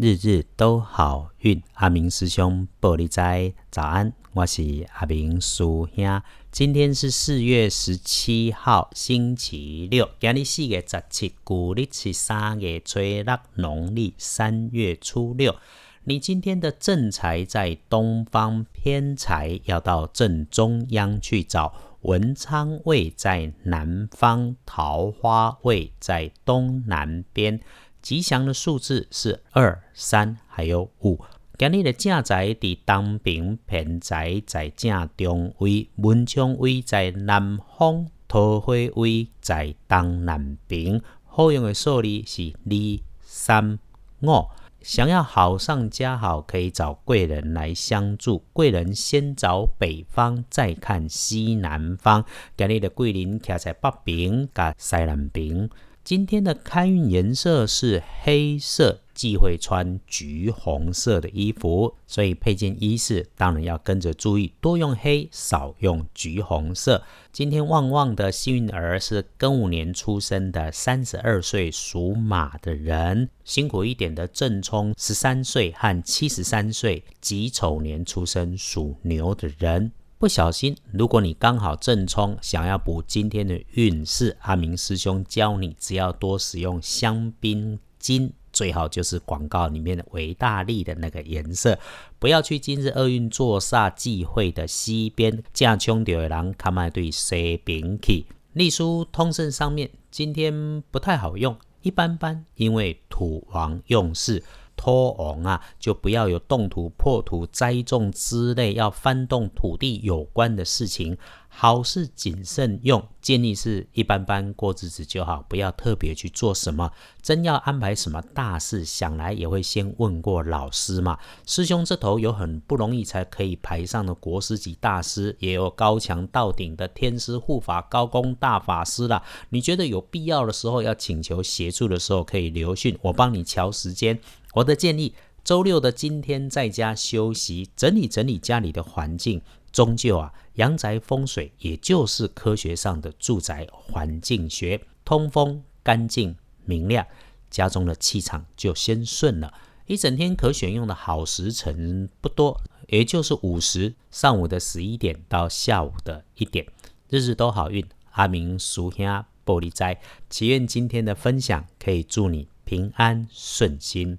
日日都好運，阿明師兄報你知。早安，我是阿明師兄。今天是四月十七號，星期六。今日四月十七，舊曆是三月初六，農曆三月初六。你今天的正財在東方，偏財要到正中央去找。文昌位在南方，桃花位在東南邊。吉祥的數字是二、三，還有五。今日的正財的東平，偏財在正中位，文昌位在南方，桃花位在東南平。好用的數字是二、三、五。想要好上加好，可以找貴人來相助。貴人先找北方，再看西南方。今日你的貴人站在北平，和西南邊。今天的開運顏色是黑色，忌諱穿橘紅色的衣服，所以配件衣飾，當然要跟着注意，多用黑，少用橘紅色。今天旺旺的幸運兒是庚午年出生的三十二歲屬馬的人，辛苦一點的正沖十三歲和七十三歲己丑年出生屬牛的人。不小心，如果你剛好正衝，想要補今天的運勢，阿明師兄教你，只要多使用香檳金，最好就是廣告裡面的維大力的那個顏色。不要去今日厄運作煞忌諱會的西邊，這樣兄弟們，他們對西邊起，隸書通勝上面今天不太好用，一般般，因為土王用事。拖翁啊，就不要有動土、破土、栽種之類要翻動土地有關的事情。好事謹慎用，建議是一般般過日子就好，不要特別去做什麼。真要安排什麼大事，想來也會先問過老師嘛。師兄這頭有很不容易才可以排上的國師級大師，也有高強到頂的天師護法、高功大法師啦。你覺得有必要的時候要請求協助的時候，可以留訊，我幫你喬時間。我的建議，周六的今天在家休息，整理整理家裡的環境。終究啊，陽宅風水也就是科學上的住宅環境學，通風、乾淨、明亮，家中的氣場就先順了。一整天可選用的好時辰不多，也就是午時，上午的十一點到下午的一點，日日都好運。阿明師兄報你知，祈願今天的分享可以祝你平安順心。